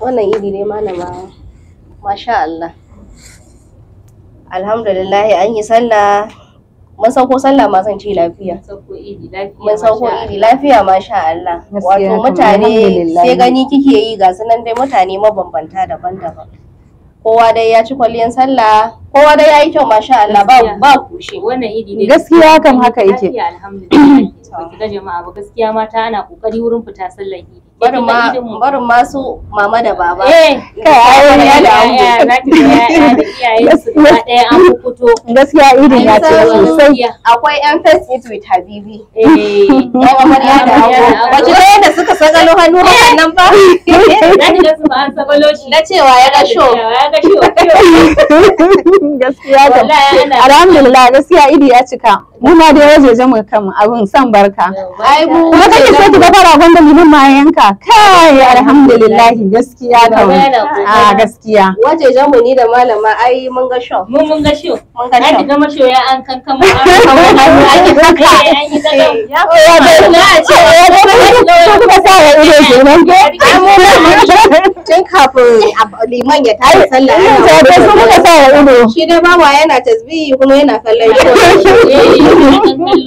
wannan iri ne malama masha Allah alhamdulillah an yi sallah mun sauko sallah ma zan ci lafiya mun sauko iri lafiya masha Allah wato mutane sai gani kike yi ga sunan dai mutane mabambanta daban-daban kowa dai ya ci kwalliyar sallah kowa dai ya yi kyau masha Allah ba ba kushe wannan iri ne gaskiya kam haka yake alhamdulillah jama'a ba gaskiya mata ana kokari wurin fita sallar idi barin ma barin ma su mama da baba eh kai ai da na da ya su da ɗaya an fito gaskiya idin ya ce sosai akwai face it with habibi eh da da suka sagalo hannu nan ba eh. na ji da su an sagalo shi na cewa ya ga show gaskiya da alhamdulillah gaskiya idi ya cika mu ma dai mu kan abun san barka ai mu kake so ki ga fara gwanda ma yanka kai alhamdulillah gaskiya da a gaskiya waje jamu ni da malama ai mun ga show mun mun ga show mun ga show ga masho ya an kan kan mu an yi zaka an yi zaka ya na ce ya ga sa ya ido ke nan ke tun kafin liman ya tashi sallah ya ga su muka sa ya ido shi dai baba yana tasbihi kuma yana kallon shi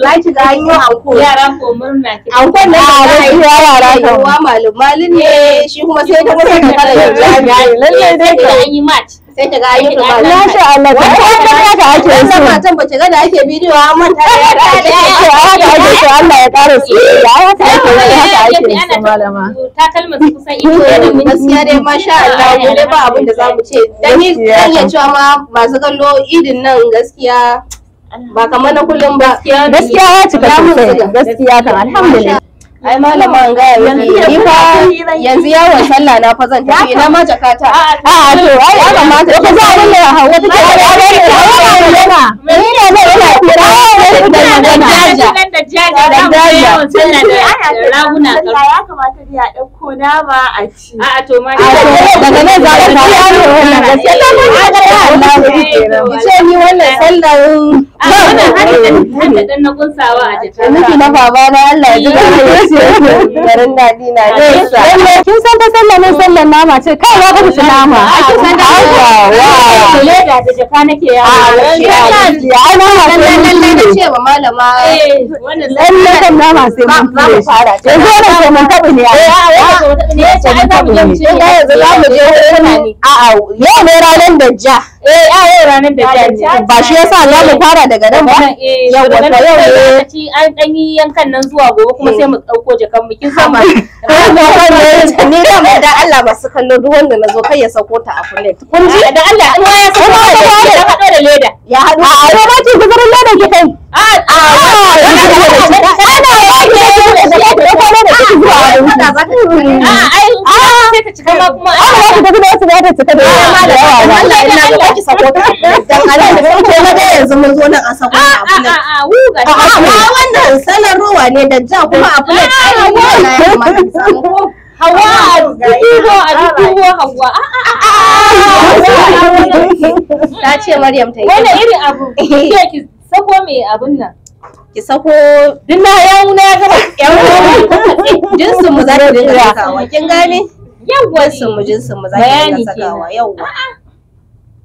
ba ki ga an yi anko yara ko murna ki anko na yara yara ko malum malin ne eh, shi kuma sai ta ka sai kala yanzu yin jami'i lallai dai ka yi match sai ta ga ayyukan malam na sha Allah ka ta ya ga ake so wannan matan bace ga da ake bidiyo a manta da ya da ake haka ake so Allah ya kara su ya ta ake so haka ake so malama ta kalma su kusan ido da mun gaskiya dai masha Allah mu dai ba abin da zamu ce dan ni zan iya cewa ma masu kallo idin nan gaskiya ba kamar na kullum ba gaskiya ya cika gaskiya kan alhamdulillah ai an ga yanzu fa yanzu yawon sallah na fa zan tafi na ma jakata a a to ai ma ta ko za a ya hawa take ai ai ai magana ni ne zai yana kira da jaja da jaja da jaja sallah da raguna ya kamata da ya dauko a ci a to ma daga nan za ka ta wannan gaskiya ta wannan sallar wannan hannun da na kunsawa a jita miki na baba na Allah ya ji da hannun garin na kin san ta sallah ne sallan nama ce kai ba ka ci nama a kin san da wa wa da da jaka nake yawo a shi ai na ma lalle lalle na ce wa malama eh, wannan lalle nama sai mun fara ce zo da ke mun tabi ne eh, a a ce eh, ai za mu je mu ce yanzu mu je wani a a yau ne ranar da ja eh a yau da ja ba shi yasa za mu fara daga nan ba yau wata yau ne an dan yi yankan nan zuwa gobe kuma sai mu dauko jakan mu kin san ma ni da mai da Allah masu kallo duk wanda zo kai ya sako ta a kullum kun ji da Allah in ya sako ya hado da leda ya hado a ba ba ce guzarin leda ke kai a a ai sai ta cika kuma ai ta cika da yawa ba Allah ina ga ki sako ta yanzu mun zo nan a sako a fulat a a wannan salon ruwa ne da ja kuma a fulat a hawa a dubo a dubo hawa a a ta ce maryam ta yi Wani irin abu ki sako me abun nan ki sako duk na yawu na ya gaba yawu jinsin mu za ta dinga sakawa kin gane yawwa sun mu jinsin mu za ta dinga sakawa yawwa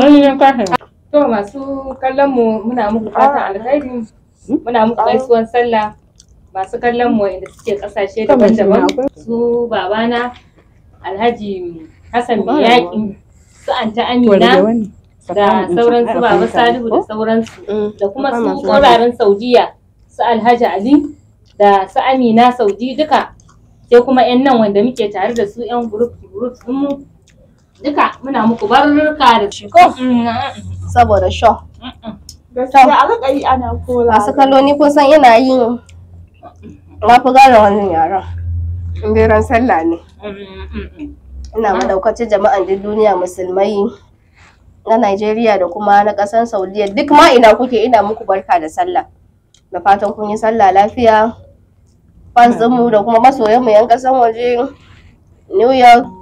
Wani yan kwahin. To masu kallon mu muna muku fatan alkhairi. Muna muku gaisuwan sallah. Masu kallon mu inda suke kasashe daban-daban su babana Alhaji Hassan Biyaki su Anta Amina da sauran su Baba Salihu da sauransu mm. da kuma su tsoraren Saudiya su Alhaji Ali da su Amina Saudi duka sai kuma 'yan nan wanda muke tare da su 'yan group group mu duka muna muku barka da ciko? saboda sho gaskiya masu kallo ni kun san ina yin na fi gane wannan yaran in ran sallah ne ina madaukacin jama'an duk duniya musulmai na Najeriya da kuma na ƙasar Saudiya duk ma ina kuke ina muku barka da sallah da fatan kun yi sallah lafiya fans mu da kuma masoyanmu 'yan ƙasar waje New York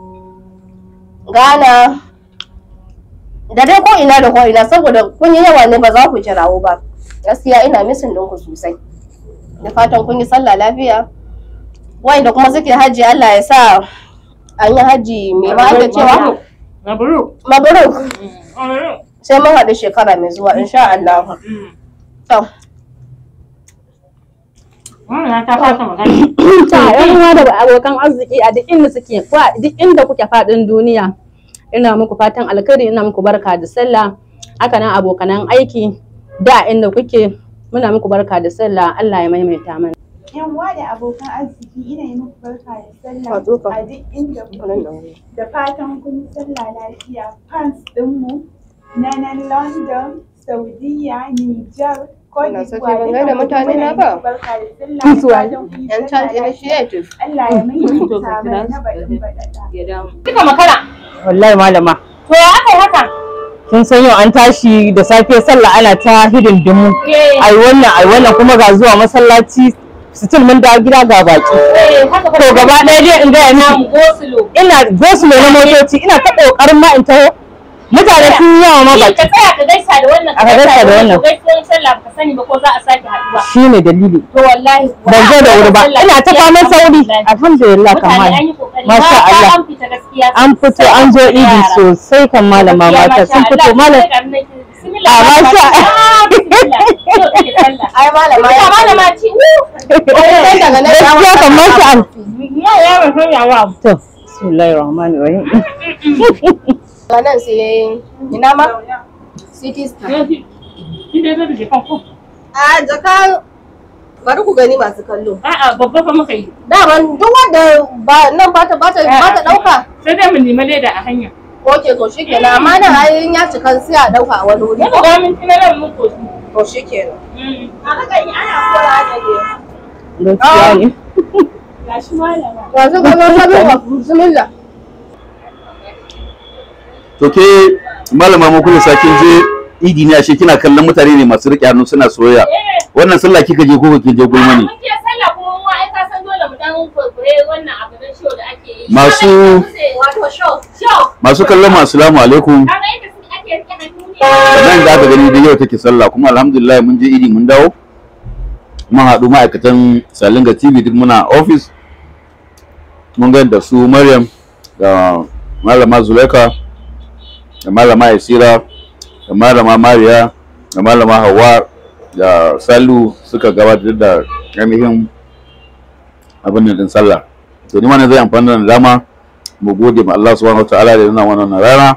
Ghana da dai ko ina da ko ina saboda kun yi yawa ne ba za ku jirawo ba gaskiya ina misin ɗinku sosai da fatan kun yi sallah lafiya wai da kuma suke hajji Allah ya sa an yi hajji mai ba da cewa mabruk mabruk mm. sai mun haɗu shekara mai zuwa insha Allah mm. to ta fasa magana. Ta yan uwa abokan arziki a duk inda suke duk inda kuke fadin duniya. Ina muku fatan alkhairi ina muku barka da sallah. Haka nan abokanan aiki da inda kuke muna muku barka da sallah Allah ya maimaita mana. Yanwa da abokan arziki ina yi muku barka da sallah a duk inda kuke da fatan kun sallah lafiya fans ɗinmu na nan London, Saudiya, Niger. Kuna so ce ban gane mutane na ba? This one. Yan chance initiative. Allah ya mai ya damu. Kika makara. Wallahi malama. To ya aka haka? Kin san yau an tashi da safe sallah ana ta hidindimu. Eh. Ai wannan ai wannan kuma ga zuwa masallaci sitin mun da gida ga baki eh, to gaba ɗaya dai in ga ina gosulo na motoci ina ta kokarin ma in taho mutane sun yi yawa mabaki ka tsaya ka gaisa da wannan ka gaisa da wannan sallah ba dalili to ban zo da wuri ba ina ta faman sauri alhamdulillah kamar masha Allah an fito an zo idi sosai kan malama mata sun fito malam a masha ai malama malama ci gaskiya kan Allah ya yaron hanya wa to daga nan sai ina ma city star eh, a jaka bari ku gani masu kallo a'a babba fa muka yi duk wanda ba nan ba ta ba ta ba ta dauka sai dai nemi leda a hanya Oke to shi kenan amma nan ya cika sai a dauka a wani wuri. Yana ga nan mun To shi kenan. A mm. haka yi ana kora da ne. Gaskiya ne. Ah. Gashi malama. sabuwa bismillah. to ke malama mu kun sakin je idi ne ashe kina kallon mutane ne masu riƙe hannu suna soyayya wannan sallah kika je ko kike je gulma ne masu show show masu lamu alaikum nan za ka gani da yau take sallah kuma alhamdulillah mun je idi mun dawo mun haɗu ma'aikatan salinga tv duk muna office mun ga da su maryam da malama zulaika da malama Isira, da malama mariya da malama hawa da salu suka gabatar da ainihin abin da din sallah to ni ma zai amfani da dama mu gode ma Allah subhanahu wataala da yana wannan rana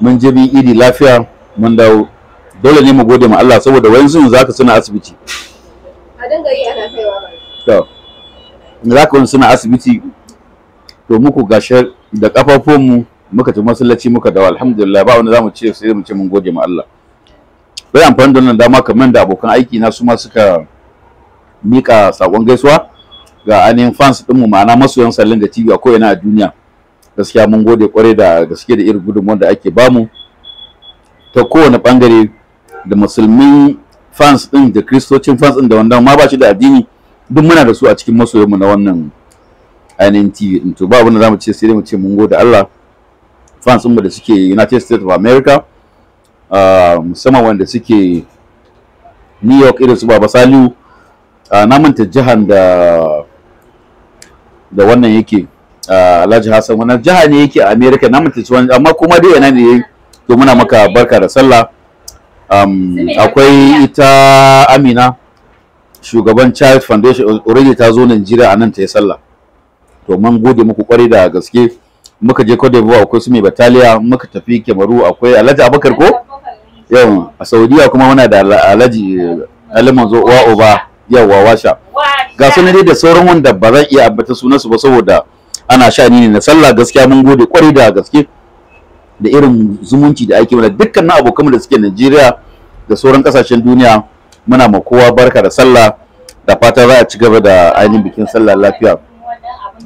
mun je bi idi lafiya mun dawo dole ne mu gode ma Allah saboda wani sun zaka suna asibiti a dinga yi ana kaiwa ba to zaka wani suna asibiti to muku gashar da kafafunmu mu muka tafi masallaci muka dawo alhamdulillah ba wanda zamu ce sai mu ce mun gode ma Allah bai amfani da wannan dama kamar da abokan aiki na su ma suka mika sakon gaisuwa ga ainihin fans din mu ma'ana masoyan sallin da TV a ina a duniya gaskiya mun gode kwarai da gaske da irin gudunmuwar da ake bamu ta kowane bangare da musulmi fans din da kristocin fans din da wanda ma ba shi da addini duk muna da su a cikin mu na wannan ainihin TV din to ba wanda zamu ce sai dai mu ce mun gode Allah fans mu da suke United States of America ah, musamman wanda suke New York irin su Baba Saliu ah, na manta jihar da da wannan yake ah, Alhaji Hassan wannan jiha ne yake a America na manta wani amma kuma dai yana ne to muna maka barka da sallah akwai ita Amina shugaban Child Foundation already ta zo Najeriya a nan ta yi sallah to mun gode muku kwarai da gaske muka je Cote d'Ivoire akwai su mai bataliya muka tafi Kemaru akwai Alhaji Abubakar ko yau a Saudiya kuma muna da Alhaji eh, Ali Manzo wa Oba wa washa ga su dai da sauran wanda ba zan iya ambata sunansu ba saboda ana sha ni ne na sallah gaskiya mun gode kwarai da gaske da irin zumunci da ake mana dukkan abokanmu da suke Najeriya da sauran kasashen duniya muna ma kowa barka da sallah da fata za a ci gaba da ainihin bikin sallah lafiya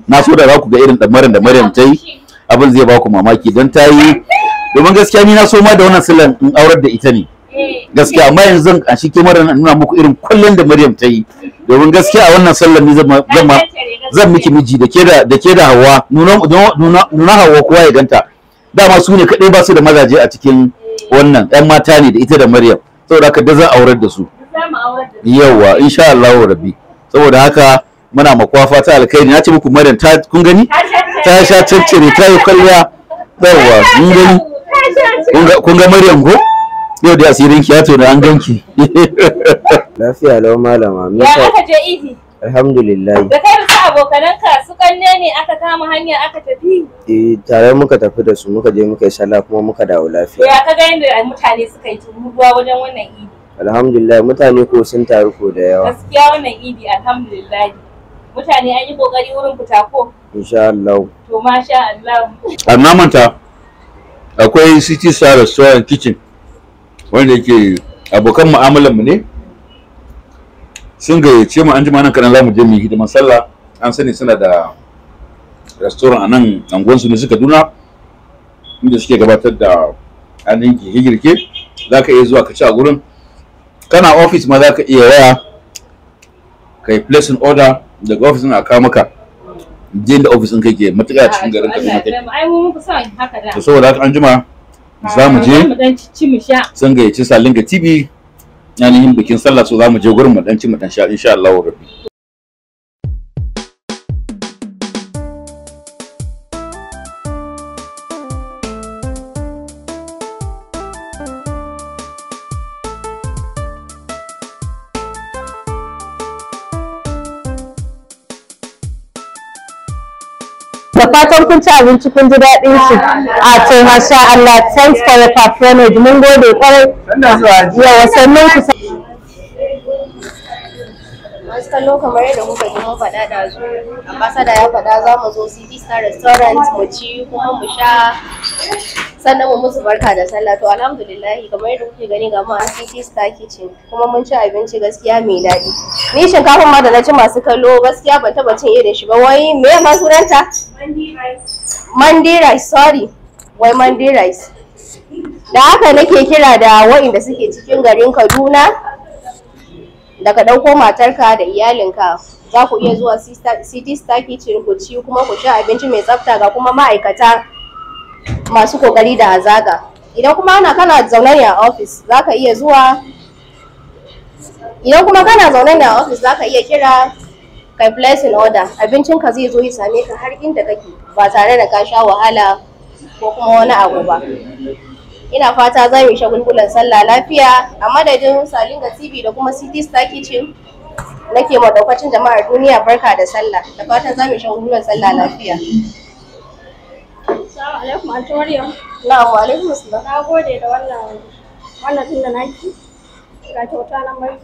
na so da za ku ga irin damarin da Maryam ta yi abin zai ba ku mamaki don ta yi domin gaskiya ni na so ma da wannan sallar, in aurar da ita ne gaskiya amma yanzu a shi ke mara nuna muku irin kullun da Maryam ta yi domin gaskiya a wannan sallar ni zama zan miki miji da ke da da ke da Hawwa nuna nuna Hawwa kowa ya ganta dama su ne kadai ba su da mazaje a cikin wannan ɗan mata ne da ita da Maryam saboda haka da zan aurar da su yawa insha Allah rabbi saboda haka muna makwafa ta alkhairi na ce muku Maryam ta kun gani ta sha ciccire ta yi kwalliya yawwa mun gani kun ga maryam ko yau da asirin ki ya tona an ganki lafiya lau malama me ya aka je idi alhamdulillah da kai da abokananka su kanne ne aka kama hanya aka tafi eh tare muka tafi da su muka je muka yi sallah kuma muka dawo lafiya ya ka ga yadda mutane suka yi tumuwa wajen wannan idi alhamdulillah mutane ko sun taru ko da yawa gaskiya wannan idi alhamdulillah mutane an yi kokari wurin fita ko insha Allah to masha Allah amma manta akwai city star restaurant kitchen wanda yake abokan mu'amalar mu ne sun gayyace mu an jima nan kanan zamu je mu hidiman sallah an sani suna da restaurant a nan anguwan su ne su Kaduna, inda suke gabatar da ainihin girke-girke za ka iya zuwa ka ci a gurin kana ofis ma za ka iya waya kai place in order daga office din a maka je da office din kake matuƙa cikin garin Kaduna kai ai mu muku sa haka da to saboda haka an jima za mu je mu dan ci mu sha sun gayyaci Salinga TV yin bikin sallah so za mu je gurin mu dan ci mu dan sha insha Allah rabbi da fatan kun ci abinci kun ji daɗin shi a to masha Allah thanks for your patronage mun gode kwarai yawa sannan ku masu kallo kamar yadda kuka ji mun faɗa da zu ambasada ya faɗa za mu zo city star restaurant mu ci kuma mu sha sannan mu musu barka da sallah to alhamdulillah kamar yadda kuke gani ga mu an titi star kitchen kuma mun ci abinci gaskiya mai daɗi ni shinkafin ma da na ci masu kallo gaskiya ban taɓa cin irin shi ba wai me ma sunanta mandi sorry wai mandi da haka nake kira da waɗanda suke cikin garin kaduna da ka ɗauko matarka da iyalinka za ku iya zuwa city star kitchen ku ci kuma ku ci abinci mai tsafta ga kuma ma'aikata masu kokari da hazaga idan kuma ana kana zaune ne a ofis zaka iya zuwa idan kuma kana zaune ne a zaka iya kira kai in order ka zai zo ya same ka har inda kake ba tare da ka sha wahala ko kuma wani abu ba ina fata za mu shagulgulan sallah lafiya a madadin salinga tv da kuma city star kitchen nake maɗaukacin jama'ar duniya barka da sallah da fata za mu shagulgulan sallah lafiya alaikum Anti Maryam. alaikum Na gode da wannan wannan naki. Ga kyauta nan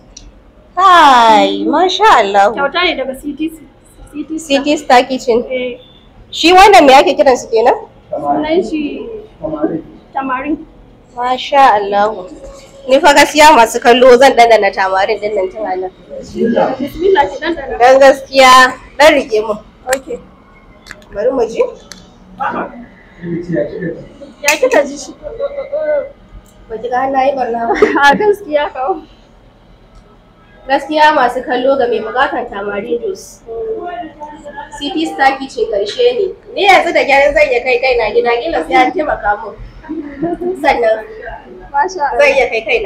Hai, masha Allah. Kyauta ne daga Star Kitchen. Eh. Shi wannan me ake kiran su kenan? Sunan shi Masha Allah. Ni fa gaskiya masu kallo zan dandana tamarin din nan tana Bismillah ki dandana. Dan gaskiya dan rike mu. Okay. Bari mu ji. Ya kika ji shi? Ba ki ga hannaye barna ba. A gaskiya kawo. Gaskiya masu kallo ga mai bukatar tamarindos. City Star ce karshe ne. Ni yanzu da gyaran zan iya kai kaina gida gina sai an taimaka mun. Sannan zan iya kai kaina.